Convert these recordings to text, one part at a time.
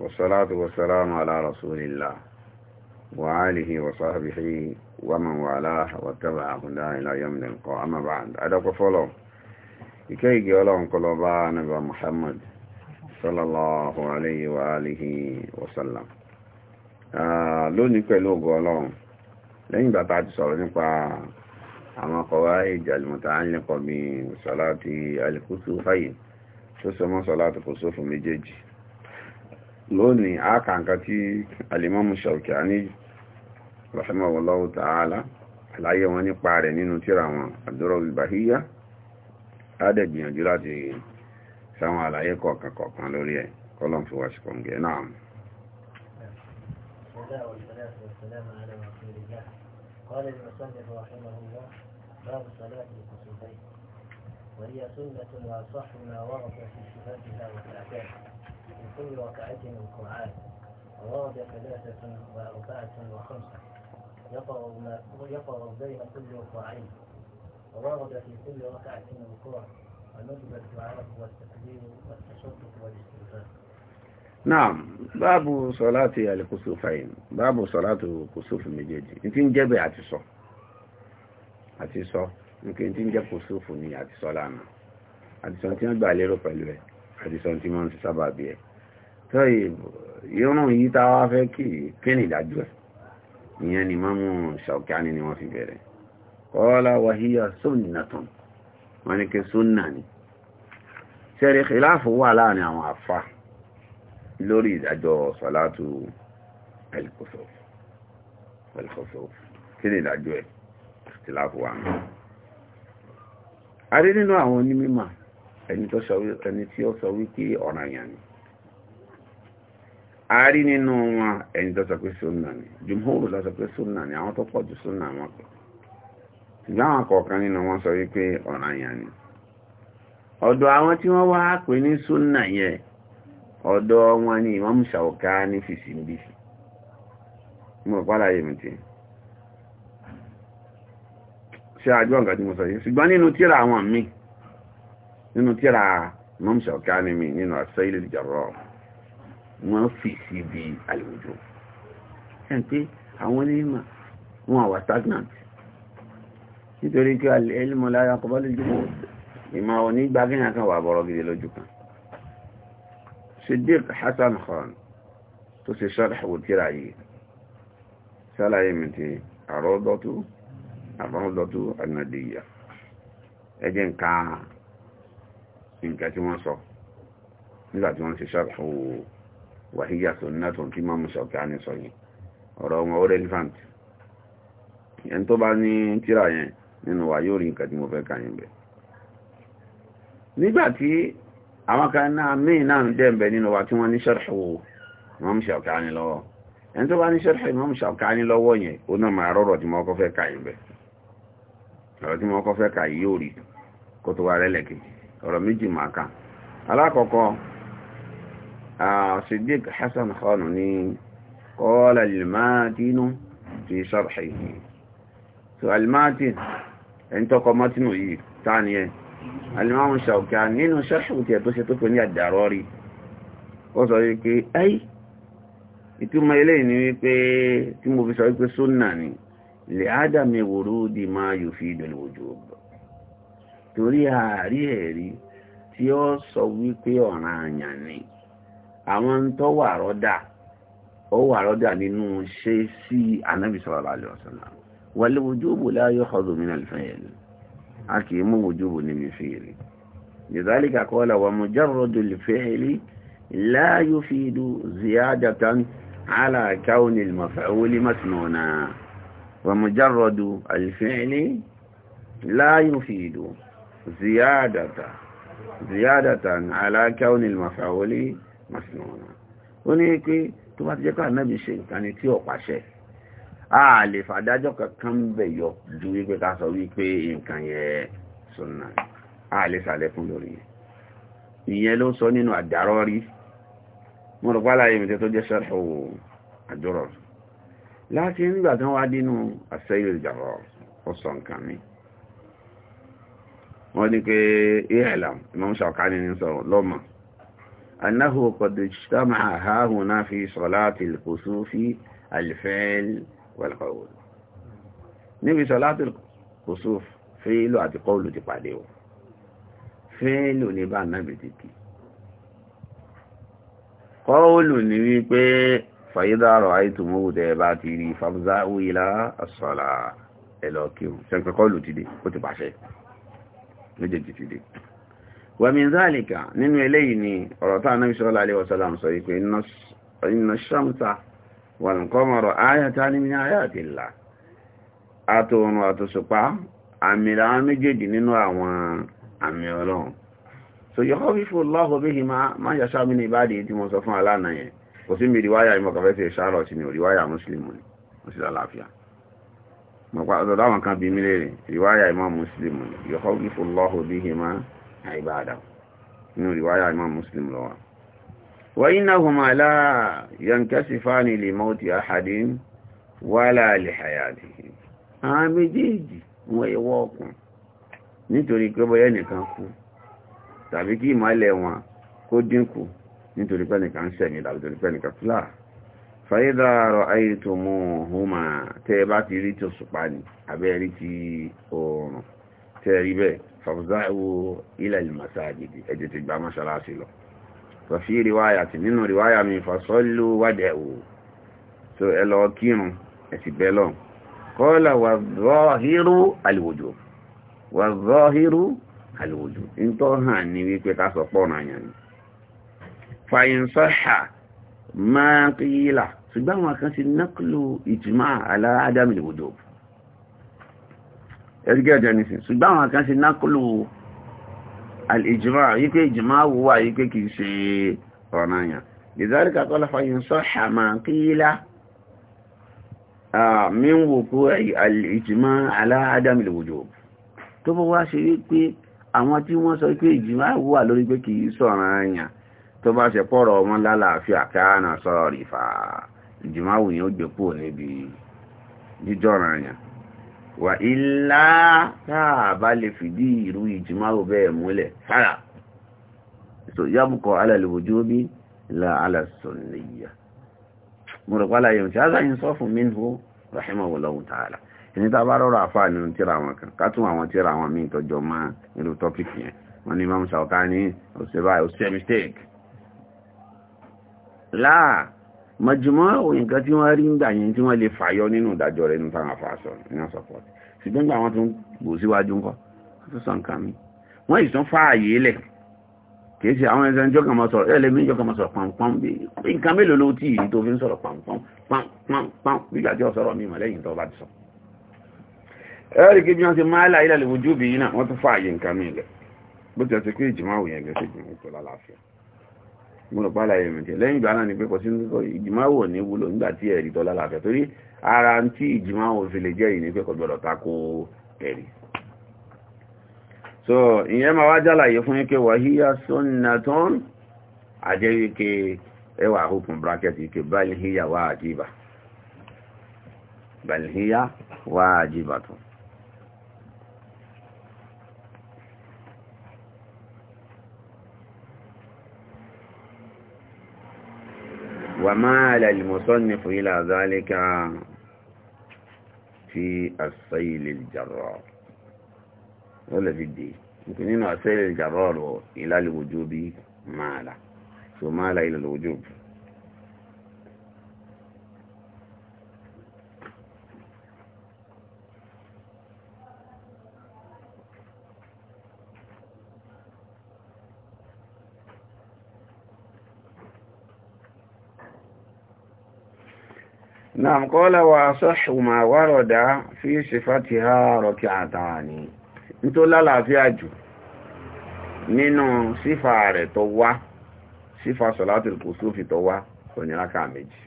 والصلاة والسلام على رسول الله وآله وصحبه ومن والاه واتبع هداه إلى يوم نلقى أما بعد أدق فولو إكي جولون قلوبا نبي محمد صلى الله عليه وآله وسلم lónìí pẹ̀lú ògùn ọlọ́run lẹ́yìn ìgbà tá a ti sọ̀rọ̀ nípa àwọn akọ̀wá èjì àlùmọ̀tà alẹ́kọ̀ọ́ bíi sọ̀lá ti alìkúsù fàyè tó sọmọ́ sọ̀lá tó kò sófin méjèèjì lónìí àkànkà tí alimamu Shawkani rahimahullahu ta'ala àlàyé wọn nípa rẹ̀ nínú tíra wọn ad-Durarul Bahiyya adẹ̀gbìyànjú láti sáwọn àlàyé kọ̀ọ̀kan kọ̀ọ̀kan lórí ẹ̀ kọ́lọ̀m fi wá sí kọ̀ǹgẹ̀ náà قال المصنف رحمه الله باب صلاة الكسوفين وهي سنة وصح ما ورد في صفاتها وتأتيها وكل ركعة من القرآن وورد ثلاثة وأربعة وخمسة يقرأ بين كل ركعين وورد في كل ركعة من القرآن ونجب الدعاء والتكبير والتشدد والاستغفار naam báàbù sọláàtì alìkùsùfàyìn báàbù sọláàtì kùsùfù méjèèjì ní tí ń jẹ́bẹ̀ àti sọ àti sọ ní kí n tí ń jẹ́ kùsùfù ní àti sọ lánàá àti sọ tí wọ́n gbà lérò pẹ̀lú ẹ̀ àti sọ tí wọ́n ti sábà bí ẹ tó ìrún yìí tá wá fẹ́ kí kíni ìdájọ́ ẹ̀ ìyẹn ni mọ́mú ṣàkíání ni wọ́n fi bẹ̀rẹ̀ kọ́lá wàhíyà sunnatun wọ́n ní kí sunna ni ṣẹ́rí ìláàfù wà láàrin àwọn àfà lórí ìdájọ́ sọ́látù al kí ni ìdájọ́ ẹ̀ ìláàfù wà náà a nínú àwọn onímọ̀ ẹni tí ó sọ wípé ọ̀ranyàn ni a rí nínú wọn ẹni tó sọ pé ni jùmọ́rù lọ sọ pé ni àwọn tó pọ̀ jù sunna wọn pẹ̀ ṣùgbọ́n àwọn kọ̀ọ̀kan nínú wọn sọ ni ọ̀dọ̀ àwọn tí wọ́n wá pè ní sunna yẹn ọ̀dọ̀ wọn ni Imam Shawkani fi sí níbi mo pàdà yé mi tí ṣe àjọ nǹkan tí sọ yìí ṣùgbọ́n nínú tíra àwọn míì nínú tíra Imam Shawkani mi nínú As-Sail al-Jarrah wọ́n fi sí bí àlèwòjò ẹ̀ pé àwọn onímọ̀ wọn àwà stagnant nítorí kí al-ilmu la yaqbalu al-jumud ìmọ̀ onígbàgẹ́yàn kan wà bọ̀rọ̀ gidi lójú kan Siddiq Hasan Khan tó ṣe ṣọ́rọ̀ tíra yìí sálàyé mi ti àrọ́dọ́tú àbáwọ́dọ́tú ànàdìyà nǹkan nǹkan tí wọ́n sọ nígbà tí wọ́n ṣe ṣàfù wàhíyà tó ní nàtọ̀ kí mọ́mú ṣọ̀kẹ́ ní sọ yìí ọ̀rọ̀ wọn ó relevant ẹn tó bá ní tíra yẹn nínú wa yóò rí nǹkan tí mo fẹ́ kà yín bẹ̀ nígbà tí àwọn kan náà míì náà ń dẹ̀ bẹ̀ nínú wa tí wọ́n ní ṣàfù mọ́mú ṣọ̀kẹ́ ní lọ́wọ́ ẹn tó bá ní ṣàfù mọ́mú ṣọ̀kẹ́ ní lọ́wọ́ yẹn ó náà máa rọ̀rọ̀ tí mo kọ́ ọ̀rọ̀ méjì máa kà alákọ̀ọ́kọ́ Siddiq Hassan Khan ní qala al-Matin fi sharhihi so al-Matin ẹni tọ́kọ mọ́tínù yìí táà ní ẹ alimamu ṣàukà nínú ṣarhu tí ẹ tó ṣe tó pè ní ad-Darari ó sọ wípé ẹ́yí torí ààrí ẹ̀rí tí ó sọ wípé ọ̀ràn àyàn ni àwọn ń tọ́ wà rọ́dà ó wà rọ́dà nínú ṣe sí anábì sallallahu alaihi wasallam wal wujubu la yukhadhu min al-fi'l a kì í mú wujubu níbi fi'l lidhalika qala wa mujarradu al-fi'li la yufidu ziyadatan ala kawni al-maf'uli masnuna wa mujarradu al-fi'li la yufidu ziyadata ziyadata ala kauni al-maf'uli masnuna ó ní pé tó bá ti jẹ́ ká náàbí ṣe nǹkan ni tí ó pàṣẹ a lè fàdájọ́ kankan bẹ̀ yọ ju wípé ká sọ wípé nǹkan yẹn sunna a lè sàlẹ̀kùn lórí ìyẹn ló sọ nínú àdárọ́ rí mo rò pálá yìí tó jẹ́ sẹ́fọ̀ àjọrọ̀ láti nígbà tí wọ́n wá dínú àṣẹyìn ìjàrọ̀ ó sọ nǹkan mi wọ́n ní pé ìhẹ̀làm imam Shawkani ní sọ̀rọ̀ lọ́mà annahu qad ijtama'a hahuna fi salati al-kusufi al-fi'l wal-qawl níbi salati al-kusuf fíìlù àti qawlu ti pàdé o fíìlù ní bá náà bìí tìkì ní wípé fàyídà rọ̀ bá ti rí famza'u ila as méjèèjì ti dé wàmín záàlìkà nínú eléyìí ni ọ̀rọ̀ tá Ànábì sallallahu alaihi wasallam sọ pé inna shamsa wal qamara ayatani min ayatillah àtòrùn àtòṣùpá àmì làwọn méjèèjì nínú àwọn àmì ọlọ́run so yukhawifu Allahu bihima man yasha min ibadihi tí mo sọ fún aláàna yẹn kò sí mi ríwáyà ìmọ̀kàfẹ́ sí ìṣàrọ̀ sí ni ríwáyà mùsùlùmù ni mo sì lálàáfíà mọ̀pàá láwọn kan bí mílẹ̀ ríwáyà imam muslim yukhawwifullahu bihima ibadahu inú ríwáyà imam muslim lọ́wà wa innahuma la yankasifani li mawti ahadin wala li hayatihi àwọn méjèèjì wọ́n yẹwọ́ ọkùn nítorí pé bọ́yẹ́ nìkan kú tàbí kí ìmọ̀lẹ̀ wọn kó dínkù nítorí pé nìkan ń sẹ̀mí tàbí fàídà rọ̀ àìtòmọ̀ ọ̀húnmà tẹ́ bá ti rí tó sùpá ní abẹ́rí ti oòrùn tẹ́ rí bẹ́ẹ̀ fàfúzáwò ilẹ̀ ìmọ̀sá àjèjì ẹjẹ́ ti gba mọ́ṣálásí lọ fàfí ríwáyà ti nínú ríwáyà mi fàṣọ́lù wádẹ̀ ò so ẹ lọ kírun ẹ̀sì bẹ́ẹ̀ lọ kọ́lá wàzọ́hírú àlìwòjò wàzọ́hírú àlìwòjò ń tọ́ hàn ní wípé ká sọ pọ́ọ̀nà yẹn ni fàyínsọ́ṣà máa kí yílà ṣùgbọ́n àwọn kan sí náklù ìtìmá aláàdámì ìwòdó ẹgbẹ́ ọjọ́ nìsìn ṣùgbọ́n àwọn kan sí náklù alìjìmá yíké ìjìmá wúwà yíké kìí ṣe ọ̀ranyàn ìzáríkà kọ́lọ́fà yìí sọ ṣàmà kí yílá min wòkó alìjìmá aláàdámì ìwòdó tó bọ́ wá ṣe wípé àwọn tí wọ́n sọ pé ìjìmá wúwà lórí pé kìí tó bá ṣe pọ̀rọ̀ wọn lálàáfíà káànà sọ̀rọ̀ rìfà ìjìmáwù ni ó gbé kúrò níbi jíjọ́ra yẹn wà ilá táà bá lè fìdí ìrú ìjìmáwù bẹ́ẹ̀ múlẹ̀ sára so yábùkọ̀ alàlùwòjú bí la alàsọ̀nìyà mo rọ̀ pálá yẹn tí a sáyìn sọ fún minhu rahimahullahu ta'ala ìní tá a bá rọrọ̀ àfáà nínú tíra àwọn kan ká tún àwọn tíra àwọn míì tọjọ máa nínú tọ́pìkì yẹn wọ́n ní Imam Shawkani ó ṣe báyìí láà mọ̀jùmọ́ òun nǹkan tí wọ́n rí ń gbà yẹn tí wọ́n lè fàyọ nínú ìdájọ́ rẹ̀ nínú táwọn afáàsọ iná sọpọ̀tì ṣùgbọ́n gbà wọ́n tún gbò síwájú ńkọ́ wọ́n tún sọ nǹkan mi wọ́n yìí tún fààyè lẹ̀ kìí ṣe àwọn ẹ̀sẹ̀ ìjọ kan mọ̀ sọ̀rọ̀ ẹ̀lẹ́mí ìjọ kan mọ̀ sọ̀rọ̀ pàmpàm bí nǹkan mélòó ló tì yìí tó fi ń sọ̀rọ̀ pàmpàm pàmpàm nígbà tí ọ̀sọ̀rọ̀ mi mọ̀ lẹ́yìn tó bá ti sọ. ẹ̀rì kí bí wọ́n ti máa láyé lálẹ́ ojú bí yìí náà wọ́n tún fààyè nǹkan mi múlùpá láyé mìtẹ̀ lẹ́yìn ìgbà náà ni pé kọsí ìjìmáwò ní wúlò nígbà tí ẹ̀rí tọ́lá láfẹ́ torí ara ń tí ìjìmáwò fi lè jẹ́ ìní pé gbọ́dọ̀ tako ẹ̀rí so ìyẹn máa wá jálàyé fún ike wàhíyá sunnaton àjẹ́ ike ẹwà òkun bracket ike balhiya wájìbà balhiya wájìbà tún وما على المصنف إلى ذلك في السيل الجرار ولا في الدين يمكن إنه السيل الجرار إلى الوجوب مالا ثم مالا إلى الوجوب نعم قال وأصح ما ورد في صفتها ركعتان nítorí lálàáfíà jù nínú sífà rẹ̀ tó wá sífà sọ̀látìl kùsúfì tó wá kò ní rákà méjì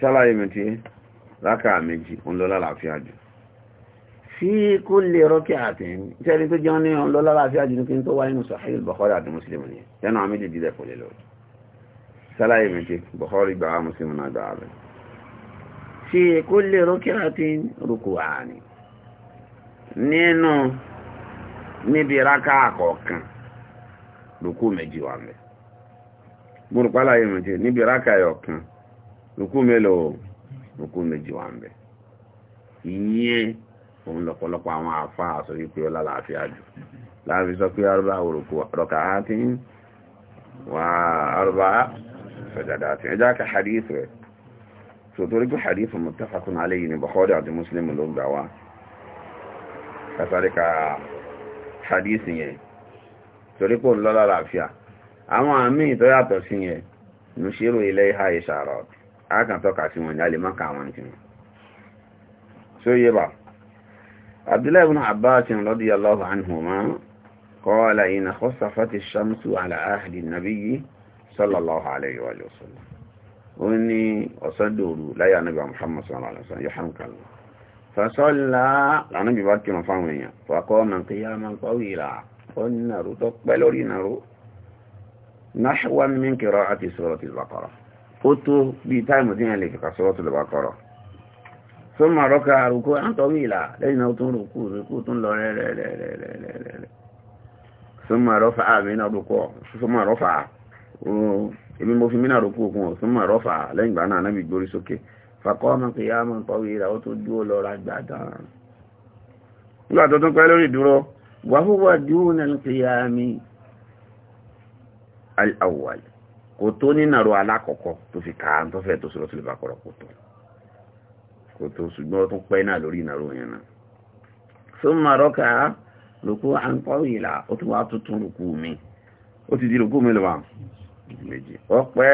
ṣálàyé mi tí rákà méjì ń lọ lálàáfíà jù fi kulli rak'atin tẹ́rí tó jẹun ní ọ̀n lọ lálàáfíà jù ní kí n tó wá nínú Sahih al-Bukhari àti Muslim ni ẹnu àmì dìdí lẹ́kọ̀ọ́ lè lọ́wọ́ sálàyé méje Bukhari gbà wá Muslim náà gbà wá bẹ̀. fi kulli ruki'atin ruku'ani nínú níbi rákà kọ̀ọ̀kan rúkú méjì wà mẹ́ gbọ́nùpá láyé méje níbi rákà ọ̀kan rúkú mélòó rúkú méjì wà mẹ́ ìyẹn òun lọ́pọ̀lọpọ̀ àwọn àfá àṣọ wípé ọlá láàáfíà jù láàáfí sọ pé arúgbà òrùkú rọ̀kà á ti wà arúgbà sọ̀jàdáàtì ẹjá ka hadith rẹ̀ so torí pé hadith muttafaqun alayhi ni Bukhari àti Muslim ló gbà wá kásáré ka hadith yẹn torí pé ńlọ́lá làáfíà àwọn àmì ìtọ́yàtọ̀ sí yẹn nùṣírò ilé ìhà ìṣàrọ̀ akàntọ́ka sí wọn ní alẹ́ mọ́ka àwọn ìtìmọ̀ so yé ba abdullahi ibn abbas radiyallahu anhuma qala in khasafati ash-shamsu ala ahli an sallallahu alayhi wa sallam ó ní ọ̀sọ́dòrú láyà nígbà muhammad sallallahu alayhi wa sallam yóò hàn kàlù fasọ́lá lánàbí bá kírun fáwọn èèyàn fàkọ́ mọ̀ kí yá máa ń pọ̀ wìlà ó ní nàró tó pẹ́ lórí min qira'ati suratul baqara ó tó bíi táìmù tí yẹn lè fi kà baqara ثم ركع ركوعا طويلا لأنه ركوع ركوع لا لا ثم رفع من الركوع ثم رفع èmi mo fi mínà rúkú òkun ọ̀sùn mọ̀ rọ́fà lẹ́yìn ìgbà náà nábì gbórí sókè fàkọ́ ọmọ pé yá mọ̀ pọ̀wé ìrà ó tó dúró lọ ra gbàdán nígbà tó tún pẹ́ lórí ìdúró wà fúwà dúró nínú pé yá mi al-awwal kò tó nínà ro alákọ̀ọ́kọ́ tó fi kàá tó fẹ́ tó sọ̀rọ̀ tó lè bá kọ̀rọ̀ kò tó kò tó ṣùgbọ́n tó pẹ́ náà lórí ìnà ro yẹn náà summa rọ́kà rúkú à ń pọ̀wé ìlà ó tún wá tuntun rúkú mi ó ti di rúkú mi lọ́wọ́ méjì ọpẹ́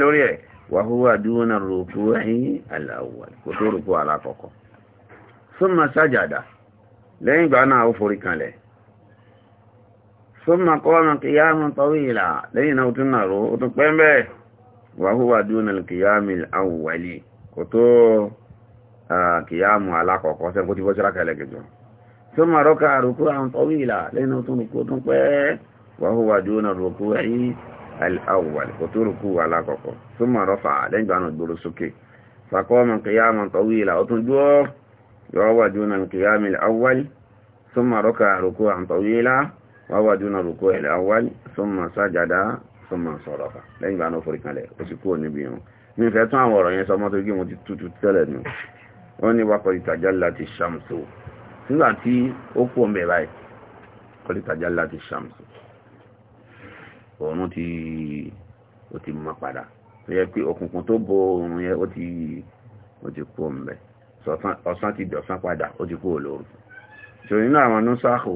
lórí ẹ̀ wàhúwà dúnà rúkú ẹ̀yìn aláwọ̀ kò tó rúkú alákọ̀ọ́kọ́ súnmà sájàdà lẹ́yìn ìgbà náà ó forí kanlẹ̀ súnmà kọ́ọ̀nà kìyàmù tọ́wìlà lẹ́yìn náà ó tún nàró ó tún pẹ́ mẹ́ wàhúwà dúnà kìyàmù àwọ̀wẹ̀lì kò tó kìyàmù alákọ̀ọ́kọ́ tí súnmà rọ́kà rúkú àwọn lẹ́yìn náà ó tún rúkú ó tún pẹ́ wàhúwà dúnà rúkú ẹ̀yìn الأول وتركوا على كوكو ثم رفع لين عن الدرسوكي فقام قياما طويلا وتنجوه وهو دون القيام الأول ثم ركع ركوعا طويلا وهو دون الركوع الأول ثم سجد ثم صرف لين عن فريق عليه وسكوا النبي من فتوى ورأي سمعت يجي متتوت تلد وني وقد تجلت الشمس nígbà tí ó kú ọmọ ẹ̀ báyìí kọ́lítàjá láti ṣàmùsùn onu ti ó ti mọ́ padà tó yẹ pé òkùnkùn tó bo oòrùn ó ti kú mbẹ ọ̀sán ti dọ̀sán padà ó ti kú olóòrùn tó nínú àwọn nùsàkó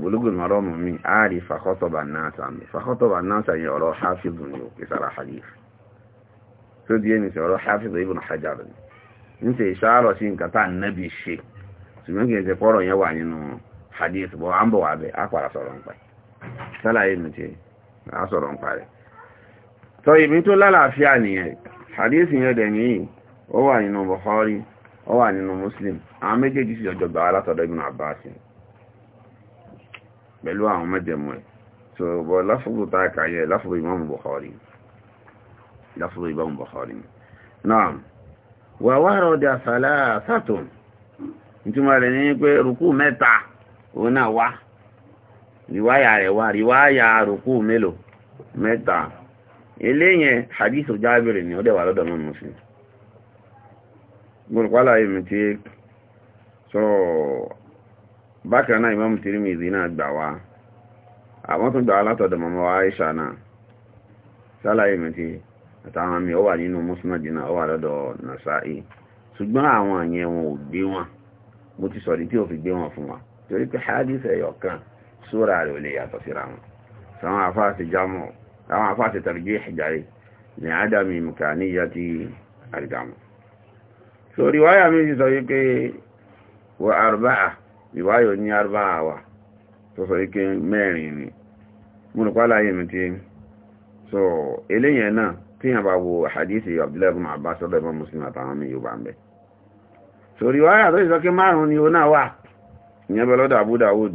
bulugul mi àárí fàkọ́tọ̀bà náà sàmì fàkọ́tọ̀bà náà ọ̀rọ̀ hafiz ni ó hadith tó di ẹni ọ̀rọ̀ hafiz ibn hajar ni ń sí nǹkan tá nábì ṣe ṣùgbọ́n kì í ṣe pọ́rọ̀ yẹn wà nínú hadith bọ́ à ń bọ̀ bẹ́ẹ̀ á sálàyé mi ti a sọ̀rọ̀ ń parẹ́ tọ́ ibi tó lálàáfíà nìyẹn hadith yẹn dẹ̀ nìyí ó wà nínú Bukhari ó wà nínú Muslim àwọn méjèèjì sì jọjọ gbà látọ̀dọ̀ Ibn Abbas pẹ̀lú àwọn mẹ́jẹ̀mú ẹ̀ so bọ̀ láfúrú táàkà yẹ láfúrú Imam buhari láfúrú Imam buhari náà wà wárọ̀ dà sàlá sátò ìtumọ̀ rẹ̀ ní pé mẹ́ta òun náà wá rìwáyà rẹ̀ wá rìwáyà àrùkù mélòó mẹ́ta eléyẹn hadith jábìrì ni ó dẹ̀ lọ́dọ̀ mọ́ muslim gbọ́nkwálà ìmì tí sọ bákan Imam Tirmidhi náà gbà wá àwọn tó gbà wá látọ̀dọ̀ Aisha náà sálà ìmì tí àtàwọn mi ó wà nínú musnad ó wà lọ́dọ̀ Nasa'i ṣùgbọ́n àwọn àyẹ̀wò gbé wọn mo ti sọ̀rí tí ò fi gbé wọn fún wa torí pé hadith súra rẹ̀ ò lè yàtọ̀ síra wọn sàwọn afáàsì jámọ̀ àwọn afáàsì tàbí ìjàre ní ádámì mùkàníyà ti àrídàmọ̀ so ríwáyà méjì sọ wípé wọ àrùbáà ríwáyà ní àrùbáà wà tó sọ wípé mẹ́rin ni múlùpálá yìí mi ti so eléyẹn náà tíyàn bá wo àdísì Abdullahi ibn Abbas sọ́dọ̀ ibn Muslim àtàwọn mi yóò bá ń bẹ̀ so ríwáyà tó sì sọ pé márùn ni ó náà wà ìyẹn bẹ lọ́dọ̀ Abu Dawud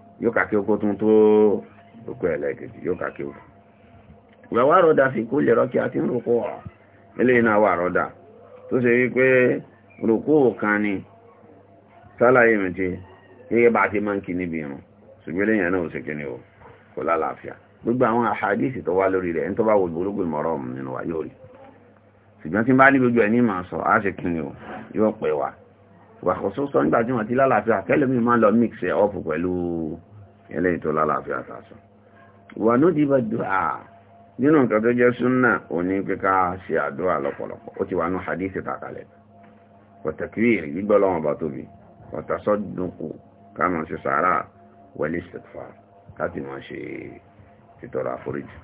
yóò kàkí okó tún tó okó ẹlẹ́kejì yóò kàkí okó ìgbà wà rọ́dà fi kó lè rọ́kí àti rúkú ọ̀ ilé iná wà rọ́dà tó ṣe wípé rúkú kan ni sálàyé mi ti gẹ́gẹ́ bá ti máa ń kí níbi irun ṣùgbọ́n lẹ́yìn náà ò sì kí ni o kò lálàáfíà gbogbo àwọn àhàdíìsì tó wá lórí rẹ̀ ní tó bá wo gbogbo ìmọ̀ràn nínú wa yóò rí ṣùgbọ́n tí bá ní gbogbo ẹ̀ ní màá sọ á ṣe kí ni o yóò pẹ́ wa wàkọ̀sọ́sọ́ nígbà tí wọ́n ti lálàáfíà kẹ́lẹ́mì máa lọ mix ẹ̀ ọ́pù eléyìí tó lálàáfíà sàṣọ wà ló dìbò dùà nínú nǹkan tó jẹ́ súnà òní kíká ṣe àdúrà lọ́pọ̀lọpọ̀ ó ti wà ní hadith takalẹ̀ pọ̀tàkìrì gbígbọ́ lọ́wọ́n bá tóbi pọ̀tàsọ́dùnkù kánà ṣe sàárà wẹ̀lí sèkfà láti máa ṣe ìtọrọ àforíjì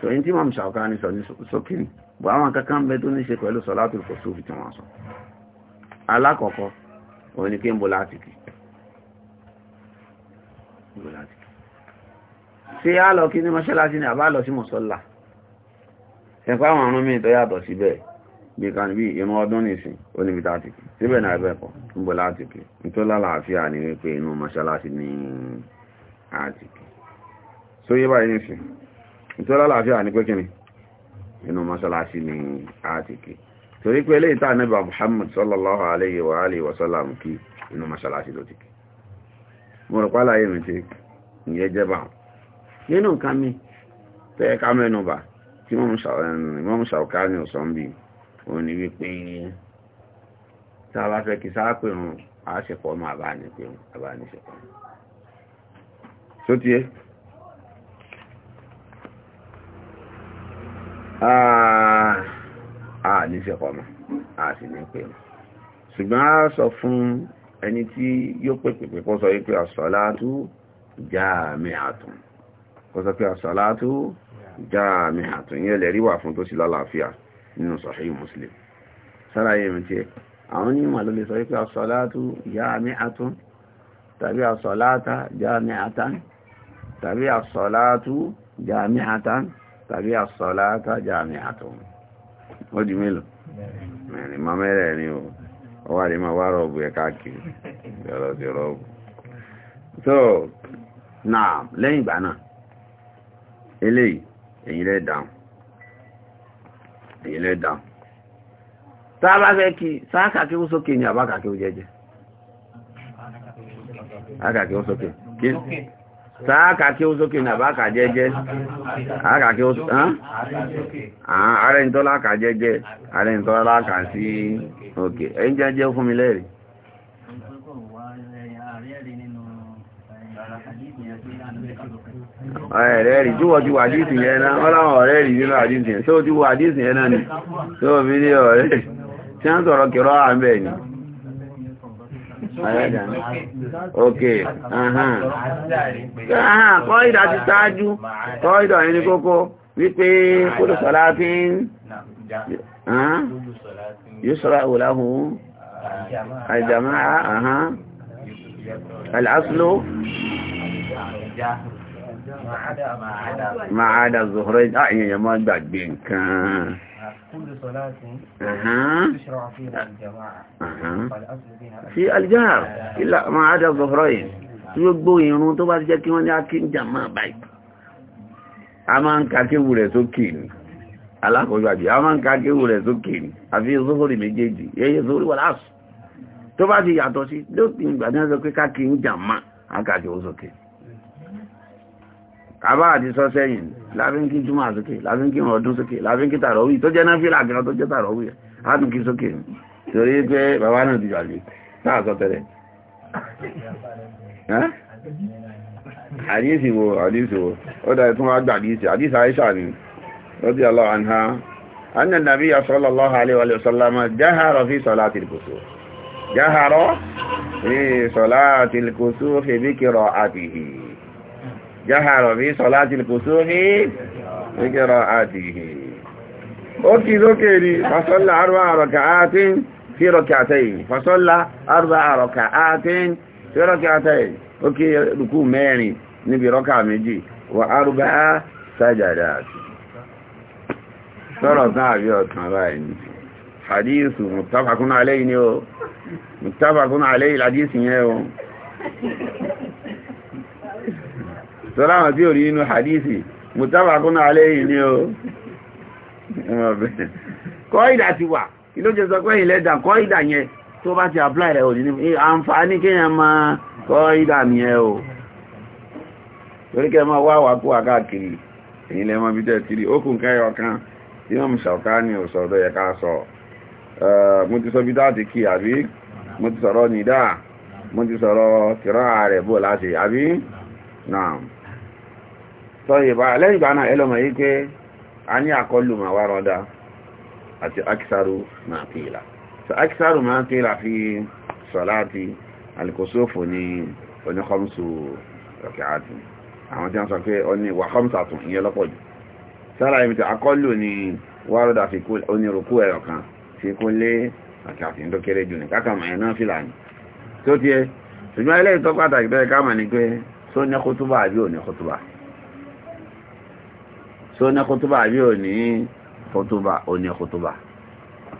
tó yí tí mọ̀mù ṣàkà ní sọ ní sókìrì bọ̀ àwọn bẹ tó ní ṣe pẹ̀lú sọ láti kò tí wọ́n sọ alákọ̀ọ́kọ́ òní kí ń bo láti kì ìgbòláti ṣe á lọ kí ní mọ́ṣáláṣí ni àbá lọ sí mọ̀sọ́lá ẹ̀pá àwọn àrùn míì tó yàtọ̀ síbẹ̀ bí kan bí inú ọdún nìsín ó ti kì síbẹ̀ náà ẹgbẹ́ pọ̀ níbo láti kì nítorí lálàáfíà ni wípé inú àti kì yé báyìí lálàáfíà pé kíni inú àti kì torí pé eléyìí tá a alayhi wa wa kí inú ló mọ̀rọ̀pá láyé mi ti ìyẹ́ jẹba nínú nǹkan mi tẹ́ ká mẹ́nubà tí mọ́mù ṣàwùká ní ọ̀sán bí òun ni wípé tàbá fẹ́ kí sáà pè rùn àṣepọ̀ mọ́ àbáníṣepọ̀ sótíé àà níṣepọ̀ mọ́ àà sì ní pè rùn ṣùgbọ́n a sọ fún ẹni tí yóò pèpèpè kó sọ wípé àṣàlátú jáàmìàtùn kó sọ pé àṣàlátú jáàmìàtùn yẹ́ lẹ́rí wà fún tó sí lálàáfíà nínú Sahih Muslim sáráyé mi tí àwọn onímọ̀ ló lè sọ wípé àṣàlátú wà ní máa wá rọ̀bù ẹ̀ so náà lẹ́yìn ìgbà náà eléyìí èyí lẹ́ dáhùn èyí lẹ́ dáhùn tá a bá fẹ́ kí sáà sáàkà kí ó sókè ní àbákà jẹ́jẹ́ àákà a ó sókè ààrẹ ìtọ́láàkà jẹ́jẹ́ ààrẹ ìtọ́láàkà sí òkè ẹ̀yìn jẹ́jẹ́ fún mi lẹ́rìí ọ̀rẹ́ rí tí wọ́n ti wà yẹn náà wọ́n láwọn ọ̀rẹ́ rí nínú yẹn ti wà yẹn náà ni àyájà ní òkè kọ́ ìdá ti sáájú kọ́ ìdọ̀ ẹni kókó wípé kúrò sọ́lá tí yóò sọ́lá òláhùn àjàmá àhán الأصل ما عدا الظهرين أعني ما بعد بين كان sí aljáàr ilá ma á dàgbà fọ́rọ̀yìn tí ó gbó irun tó bá ti jẹ́ kí wọ́n ní akínjà máa báyìí a máa ń ka kéwù rẹ̀ sókè ní alákọ̀ọ́jú àbí a máa ń ka kéwù rẹ̀ sókè ní àfi sóhórí méjèèjì yẹ́yẹ́ sóhórí wà láàsù tó bá ti yàtọ̀ sí lópin ìgbà ní wọ́n pé ká ń jà máa á kà kéwù sókè ní kàbá àti sọ sẹ́yìn lábínkí jùmọ̀ àsókè lábínkí ọdún sókè lábínkí tàrọwì tó jẹ́ náfílà gan tó jẹ́ tàrọwì átùnkí sókè torí pé bàbá náà ti gbàgbé náà sọ tẹ́lẹ̀ àdíìsì wo àdíìsì wo ó dáa tún wá gbà àdíìsì àdíìsì àìṣà ni ó di ọlọ́wà ń ha anna nàbíyà sallallahu alaihi wa sallam jahara fi salatil kusuf jahara fi salatil kusuf fi jáhàrọ̀ bí sọlá ti kò tó ní ìkẹrọ àtìhì ó kí lókè ní fasọ́lá arúwà àrọ̀kà átín tí rọ̀kà àtẹ́yìn fasọ́lá arúwà àrọ̀kà átín tí rọ̀kà àtẹ́yìn ó kí rùkú mẹ́rin níbi rọ́kà méjì wà arúbá sájàdá ni o tọ́lá àwọn tí ò rí inú hadithi mutabakun alayhi ni o kọ́ ìdà ti wà kí ló jẹ́ sọ pé ìlẹ́dà kọ́ ìdà yẹn tó bá ti apply rẹ̀ òní àǹfààní kéèyàn máa kọ́ ìdà nìyẹn o torí kẹ́ máa wá wà kú wà káàkiri èyí lẹ́mọ́ bí tẹ́ tìrí okùn kẹyọ kan tí wọ́n mú ṣàkà ní ọ̀sọ̀dọ̀ yẹ ká sọ mo ti sọ bí dáàtì kí àbí mo sọ̀rọ̀ kìrọ̀ ààrẹ bó láti àbí náà tọ́yìnbá lẹ́yìn ìgbà náà ẹlọ́mọ̀ yìí pé a ní àkọlù ma wá rọ́dá àti akisaru ma kíla so akisaru ma kíla fi sọ̀láti alikosofo ní oníkọ́mùsù rọ̀kìátì àwọn tí wọ́n sọ pé ó ní wà kọ́mùsàtún ìyẹn lọ́pọ̀ jù sára ibi tí àkọlù ní wá rọ́dá fi kú onírúkú ẹ̀rọ kan fi kú lé àti àti jù ní káka ẹ̀ náà fìlà ní tó tiẹ̀ ṣùgbọ́n eléyìí tó pàtàkì bẹ́ẹ̀ ká mọ̀ pé só àbí ò tó ní kútúbà àbí ò ní kútúbà ò ní kútúbà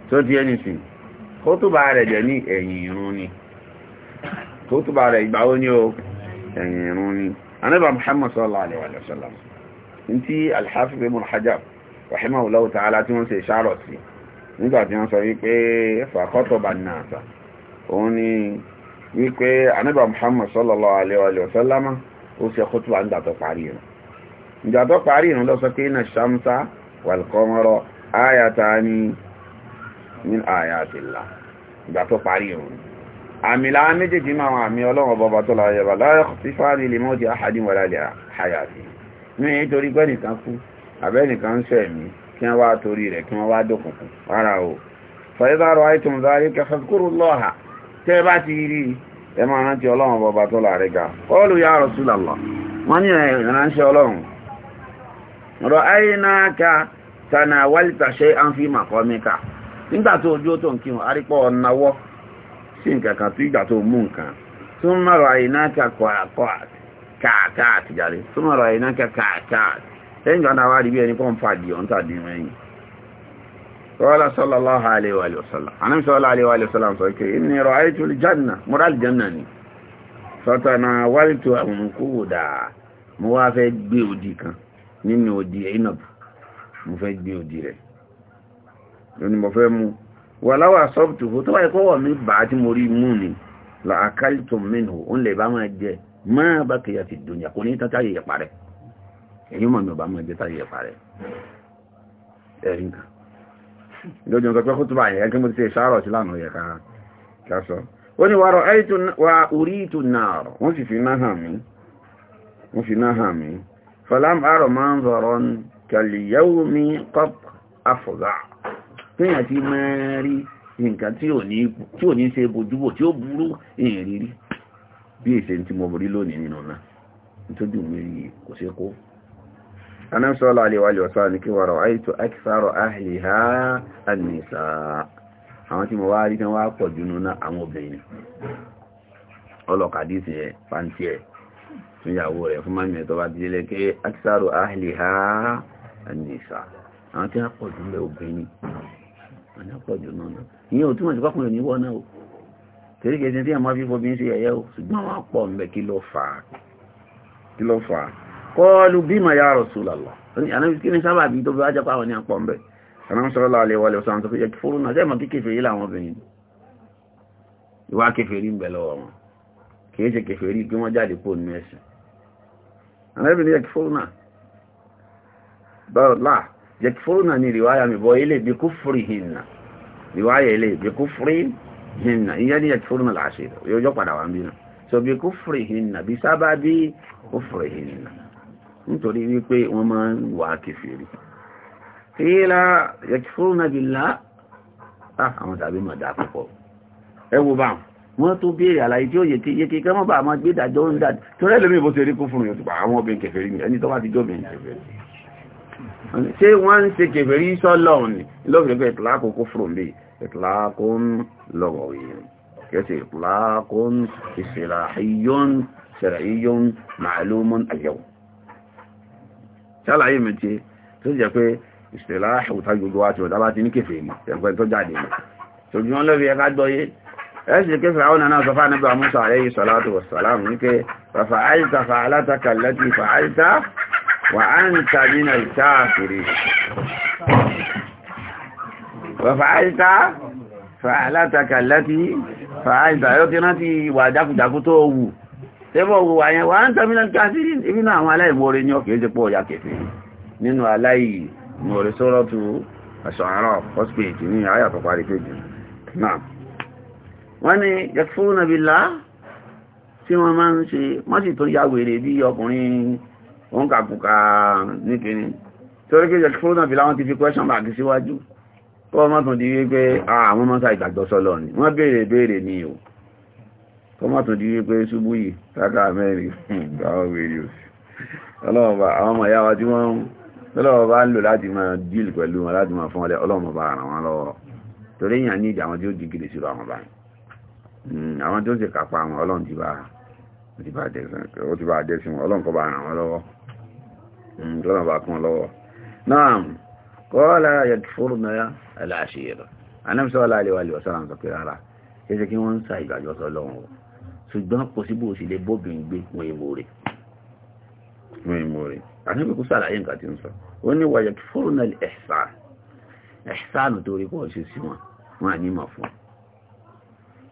tó ti ẹni sìn kútúbà rẹ̀ jẹ́ ní ẹ̀yìn irun ni kútúbà rẹ̀ ìgbà ó ní o ẹ̀yìn irun ni anábà muhammad sallallahu alaihi wa sallam ntí alhafiz ibn hajjab rahimahullahu ta'ala tí wọ́n ṣe ṣàrọ̀ sí nígbà tí wọ́n sọ wípé fàkọ́tọ̀bà nàásà òun ni wípé anábà muhammad sallallahu alaihi wa sallam ó ṣe kútúbà ń dàtọ̀ parí rẹ̀ ìgbà tó parí ìrun lọ sọ pé iná ṣamsa wàlùkọ́mọ́rọ́ ayata ni min ayatilla ìgbà tó parí ìrun àmì láà méjèèjì máa wọn àmì ọlọ́run ọba tó láyé bá láyé tí fáàrí lè mọ́ di àhàdín wà lálẹ́ àyàfi ní nítorí pé nìkan kú àbẹ́ nìkan ń sẹ̀mí kí wọ́n wá torí rẹ̀ kí wọ́n wá dókùnkùn rárá o fàíbárò àìtùn zárí ti rí ẹ wọ́n ní ẹ̀ránṣẹ́ ọlọ́run ra'aynaka tanawalta shay'an fi maqamika nígbà tó ojú tó ń kí wọn arípọ̀ ọ̀nàwọ́ sí nǹkan tó ìgbà tó mú nǹkan thumma ra'aynaka kàákàá àtìjáde thumma ra'aynaka kàákàá lẹ́yìn kan náà wá rí bí ẹni pọ́n fàdí ọ̀ntàdí nínú òdì inab mo fẹ́ gbé òdì rẹ̀ lónìí mo fẹ́ mú wà láwà sọ́pùtù fún tó wáyé kọ́wọ́ mi bà á tí mo rí mú ni la akaltu minhu ó lè bá máa jẹ máa bá kìyà ti dùn yàkó ní tán táyé yẹpa rẹ̀ èyí mọ̀ mi ò bá máa jẹ táyé yẹpa rẹ̀ ẹ̀rí nǹkan lójú nǹkan pé kó tó bá yẹ kí mo ti ṣe ìṣàrọ̀ sí lánàá yẹ ká ká sọ ó ní wàrọ̀ ẹ̀rí tó wà orí ìtò náà wọ́n sì fi náà hàn mí فلم أر منظرا كاليوم قط أفظع kíyàn ti máa rí nǹkan tí ò ní ṣe bojúbò tí ó burú èèyàn rírí bí tí mo rí lónìí nínú náà nítorí ìwérí kò ṣe kó anásọ́lá aléwàlẹ̀ ọ̀sán ní kí wàrà àìtò akísàrọ̀ ahliha an-nisa àwọn tí mo wá rí tán wá pọ̀ jù nínú àwọn obìnrin fún ìyàwó rẹ̀ fún mami ẹ̀tọ́ bá ti lé kí akísàrò áhìlì ha ẹnìsà àwọn tí wọ́n pọ̀ jù lẹ́ obìnrin àwọn pọ̀ jù náà ìyẹn ò túmọ̀ sí pákùnrin níwọ̀ náà o torí kẹsìn tí àwọn fífọ́ bí ń ṣe ẹ̀yẹ́ o ṣùgbọ́n àwọn pọ̀ ń bẹ kí ló fà á kí ló fà á kọ́ọ̀lù bímọ ya Rasulullah ànábi kí ni sábà bí tó bí wájá pàwọn ní àpọ̀ ń bẹ ànábi sọ́lá alẹ́ wọlé ọ̀sán tó fi yẹ kí fóró náà jẹ́ mọ́ kí kèfèrí làwọn obìnrin ìwà kèfèrí ń bẹ lọ́wọ́ wọn kìí ṣe kẹfẹ́ rí pé wọ́n jáde pò nínú ẹ̀sìn ànábì ní yẹkifórúnà bọ́ọ̀lá yẹkifórúnà ní ìrìwáyà mi bọ́ ilé bí kúfúrì hìnnà ìrìwáyà ilé bí kúfúrì hìnnà ìyẹn ní yẹkifórúnà làṣẹ yóò padà wà ń bínú so bí kúfúrì hìnnà bí sábà bí kúfúrì hìnnà nítorí wípé wọ́n máa ń wà kẹfẹ́ rí kíílá yẹkifórúnà bí lá àwọn tàbí mọ̀dà púpọ̀ ẹ wo báwọn wọ́n tó béèrè àlàyé tí ó yẹ kí yẹkí kẹ́mọ́ bá máa gbé ìdájọ́ ń dáadé tó rẹ̀ lómi ìbò ṣe rí kún fún ìyọ̀tù pa àwọn obìnrin kèfèrí ni ẹni tó bá ti jó obìnrin kèfèrí ṣé wọ́n ń ṣe kèfèrí sọ́lọ̀ ni lófin pé ìtìláàkó kó fúrò lè ìtìláàkó ń lọ́wọ́ yìí kẹsì ìtìláàkó ń ìṣẹ̀láyọ́n ṣẹ̀láyọ́n màálùmọ́n àyẹ̀wò ṣàlàyé mi ti tó jẹ́ pé ìṣẹ̀láàkó tá gbogbo wa ti ọ̀dá ẹ̀ṣẹ̀ kẹfẹ́ àwọn náà sọ fáà nígbà Musa alayhi salatu wassalamu wípé fàfàáìta fa'alataka allati fa'alta wa anta minal kafirin fàfàáìta fa'alataka allati fa'alta yóò kí náà ti wà jákùjákù tó wù tẹ́bọ̀ wa anta minal kafirin ibi náà àwọn aláìmọ́re ní ọkẹ̀ ẹ̀ṣẹ̀ pọ̀ ya kẹfẹ́ nínú aláìmọ́re sọ́rọ̀ wọ́n ní yakfuna billah tí wọ́n máa ń ṣe wọ́n sì tó ya wèrè bí ọkùnrin òun kàkùkà nìkíní torí pé yakfuna billah wọ́n ti fi question mark síwájú kọ́ má tún di wípé àwọn mọ́sá ìgbàgbọ́ sọ́lọ́ ni wọ́n béèrè béèrè ni o kọ́ má tún di wípé ṣubú yìí káàkà mẹ́rin àwọn wèrè òsì ọlọ́ọ̀bá àwọn ọmọ ìyá wa tí wọ́n lọ́lọ́ọ̀bá ń lò láti máa díìl pẹ̀lú wọn láti máa fún ọlẹ́ ọlọ́ọ̀mọ̀bá ara wọn lọ́wọ́ torí èèyàn ní ìjà àwọn tí ó di gidi sí àwọn báyìí Hmm, àwọn tó sì kápá àwọn ọlọ́run ti bá dẹ̀ sí wọn ọlọ́run kọ́ bá ràn wọ́n lọ́wọ́ hmm, lọ́nà bá kún lọ́wọ́ náà kọ́ọ̀lá yẹ̀dùfúrù náà aláṣẹ́yẹ̀rọ anẹ́mísọ́lá aléwàlẹ̀ ọ̀sán sọ pé rárá ṣeéṣe kí wọ́n ń sa ìgbàjọ́ sọlọ́run o ṣùgbọ́n kò sí bó o sì lè bóbin gbé wọn èèmò rẹ̀ wọn èèmò rẹ̀ àníbi kó sàlàyé nǹkan ti ń sọ ó ní wàyẹ̀dùfúrù náà ẹ̀sán ẹ̀sán torí kọ́ ṣe sí wọn wọn à ní mọ̀ fún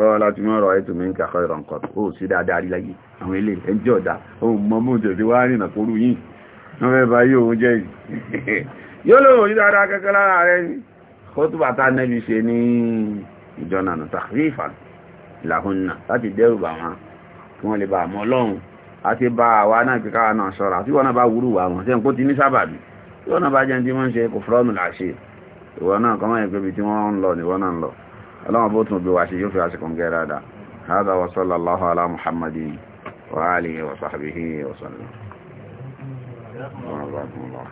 kọ́ láti mọ́ ọ̀rọ̀ ètò mẹ́ǹkà kọ́ ìrọ̀nkọ̀ ó sì dáadáa rí láyé àwọn ilé ẹjọ́ ọ̀dá ohun mọ́mú tẹ̀sí wá rìnà kórú yìí wọ́n fẹ́ bá yóò oúnjẹ yìí yóò lóòrùn yí dáadáa kẹ́kẹ́ lára rẹ̀ ní kótóbà tá nẹ́bi ṣe ní ìjọna nù tàfífà làhùnà láti dẹ́rù bà wọn kí wọ́n lè bá àmọ́ ọlọ́run àti bá àwa náà pé náà sọ̀rọ̀ àti wọn bá wúrú wà wọn sẹ́yìn kó ti ní sábàbí tí wọn bá jẹun tí wọ́n ń ṣe kò fúrọ́ọ̀nù làṣẹ ìwọ náà kọ́mọ́ ìpébi tí wọ́n ń lọ ni wọ́n náà ń lọ ọlọ́wọ́n bó tún bí wá ṣe yóò fi àṣìkò gẹ́ dáadáa hádà wa sallallahu ala muhammadin wa alihi wa sahbihi wa sallam